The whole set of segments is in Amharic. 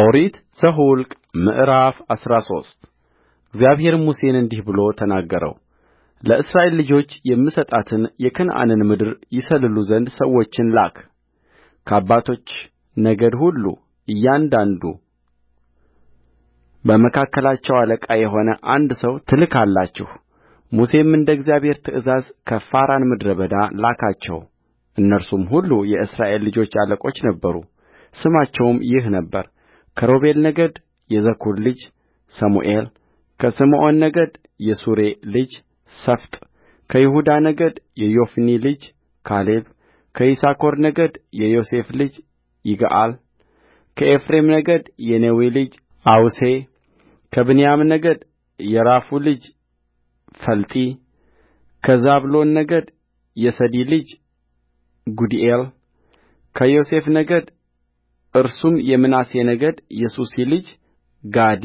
ኦሪት ዘኍልቍ ምዕራፍ አስራ ሶስት እግዚአብሔርም ሙሴን እንዲህ ብሎ ተናገረውለእስራኤል ልጆች የምሰጣትን የከነዓንን ምድር ይሰልሉ ዘንድ ሰዎችን ላክ ከአባቶች ነገድ ሁሉ እያንዳንዱ በመካከላቸው አለቃ የሆነ አንድ ሰው ትልካላችሁሙሴም እንደ እግዚአብሔር ትእዛዝ ከፋራን ምድረ በዳ ላካቸው እነርሱም ሁሉ የእስራኤል ልጆች አለቆች ነበሩ ስማቸውም ይህ ነበር ከሮቤል ነገድ የዘኩር ልጅ ሰሙኤልከስምዖን ነገድ የሱሬ ልጅ ከይሁዳ ነገድ የዮፎኒ ልጅ ካሌብከይሳኮር ነገድ የዮሴፍ ልጅ ይግአልከኤፍሬም ነገድ የነዌ ልጅ አውሴከብንያም ነገድ የራፉ ልጅ ፈልጢ ከዛብሎን ነገድ የሰዲ ልጅ ጉዲኤል ከዮሴፍ ነገድ እርሱም የምናሴ ነገድ የሱሲ ልጅ ጋዲ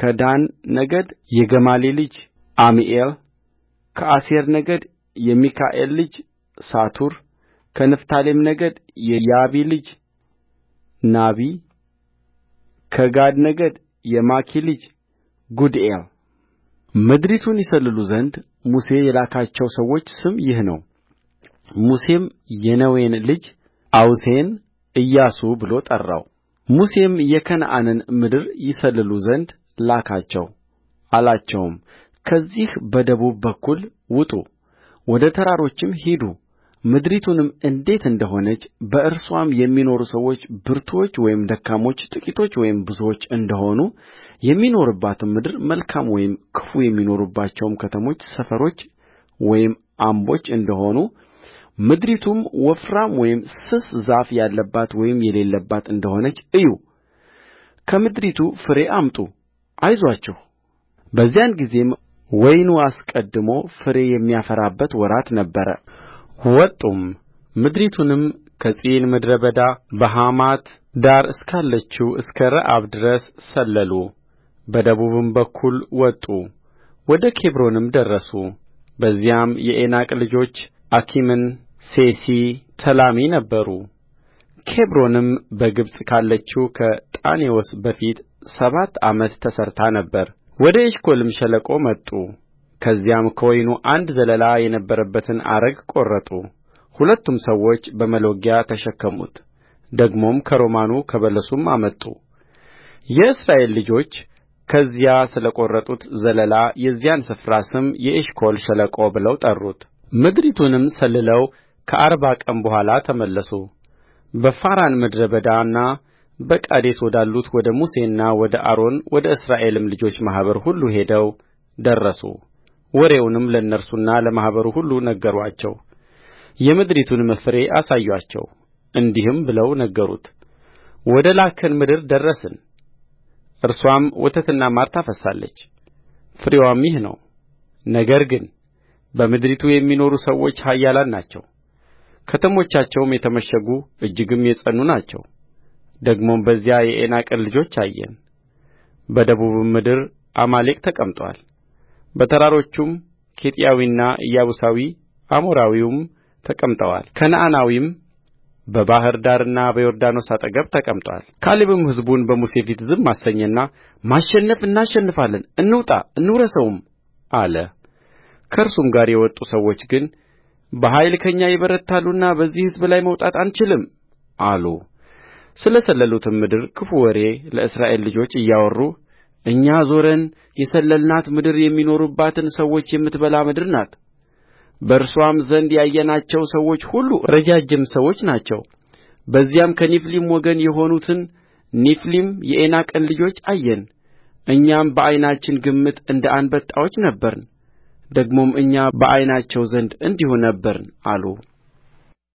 ከዳን ነገድ የገማሊ ልጅ ዓሚኤልከአሴር ነገድ የሚካኤል ልጅ ከንፍታሌም ነገድ የያቢ ልጅ ናቢከጋድ ነገድ የማኪ ልጅ ጉዲኤልምድሪቱን ይሰልሉ ዘንድ ሙሴ የላካቸው ሰዎች ስም ይህ ነው ሙሴም የነዌን ልጅ አውሴን ኢያሱ ብሎ ጠራው ሙሴም የከነዓንን ምድር ይሰልሉ ዘንድ ላካቸው አላቸውም ከዚህ በደቡብ በኩል ውጡ ወደ ተራሮችም ሂዱ ምድሪቱንም እንዴት እንደ ሆነች በእርስዋም የሚኖሩ ሰዎች ብርቱዎች ወይም ደካሞች ጥቂቶች ወይም ብዙዎች እንደሆኑ የሚኖሩባትም ምድር መልካም ወይም ክፉ የሚኖሩባቸውም ከተሞች ሰፈሮች ወይም አምቦች እንደሆኑ ምድሪቱም ወፍራም ወይም ስስ ዛፍ ያለባት ወይም የሌለባት እንደ ሆነች እዩ ከምድሪቱ ፍሬ አምጡ አይዞአችሁ በዚያን ጊዜም ወይኑ አስቀድሞ ፍሬ የሚያፈራበት ወራት ነበረ ወጡም ምድሪቱንም ከጺን ምድረ በዳ በሐማት ዳር እስካለችው እስከ ረአብ ድረስ ሰለሉ በደቡብም በኩል ወጡ ወደ ኬብሮንም ደረሱ በዚያም የዔናቅ ልጆች አኪምን ሴሲ ተላሚ ነበሩ ኬብሮንም በግብፅ ካለችው ከጣኔዎስ በፊት ሰባት ዓመት ተሠርታ ነበር ወደ ኤሽኮልም ሸለቆ መጡ ከዚያም ከወይኑ አንድ ዘለላ የነበረበትን አረግ ቈረጡ ሁለቱም ሰዎች በመሎጊያ ተሸከሙት ደግሞም ከሮማኑ ከበለሱም አመጡ የእስራኤል ልጆች ከዚያ ስለ ቈረጡት ዘለላ የዚያን ስፍራ ስም የኤሽኮል ሸለቆ ብለው ጠሩት ምድሪቱንም ሰልለው ከአርባ ቀን በኋላ ተመለሱ በፋራን ምድረ በዳና በቃዴስ ወዳሉት ወደ ሙሴና ወደ አሮን ወደ እስራኤልም ልጆች ማኅበር ሁሉ ሄደው ደረሱ። ወሬውንም ለእነርሱና ለማኅበሩ ሁሉ ነገሯቸው፣ የምድሪቱንም ፍሬ አሳዩአቸው። እንዲህም ብለው ነገሩት፣ ወደ ላክኸን ምድር ደረስን፣ እርሷም ወተትና ማር ታፈስሳለች፣ ፍሬዋም ይህ ነው። ነገር ግን በምድሪቱ የሚኖሩ ሰዎች ኃያላን ናቸው ከተሞቻቸውም የተመሸጉ እጅግም የጸኑ ናቸው ደግሞም በዚያ የዔናቅን ልጆች አየን በደቡብም ምድር አማሌቅ ተቀምጦአል በተራሮቹም ኬጢያዊና ኢያቡሳዊ አሞራዊውም ተቀምጠዋል ከነዓናዊም በባሕር ዳርና በዮርዳኖስ አጠገብ ተቀምጦአል ካሌብም ሕዝቡን በሙሴ ፊት ዝም አሰኘና ማሸነፍ እናሸንፋለን እንውጣ እንውረሰውም አለ ከእርሱም ጋር የወጡ ሰዎች ግን በኃይል ከእኛ ይበረታሉና በዚህ ሕዝብ ላይ መውጣት አንችልም አሉ ስለ ሰለሉአትም ምድር ክፉ ወሬ ለእስራኤል ልጆች እያወሩ እኛ ዞረን የሰለልናት ምድር የሚኖሩባትን ሰዎች የምትበላ ምድር ናት በእርስዋም ዘንድ ያየናቸው ሰዎች ሁሉ ረጃጅም ሰዎች ናቸው በዚያም ከኔፊሊም ወገን የሆኑትን ኔፊሊም የዔናቅን ልጆች አየን እኛም በዓይናችን ግምት እንደ አንበጣዎች ነበርን ደግሞም እኛ በዓይናቸው ዘንድ እንዲሁ ነበርን አሉ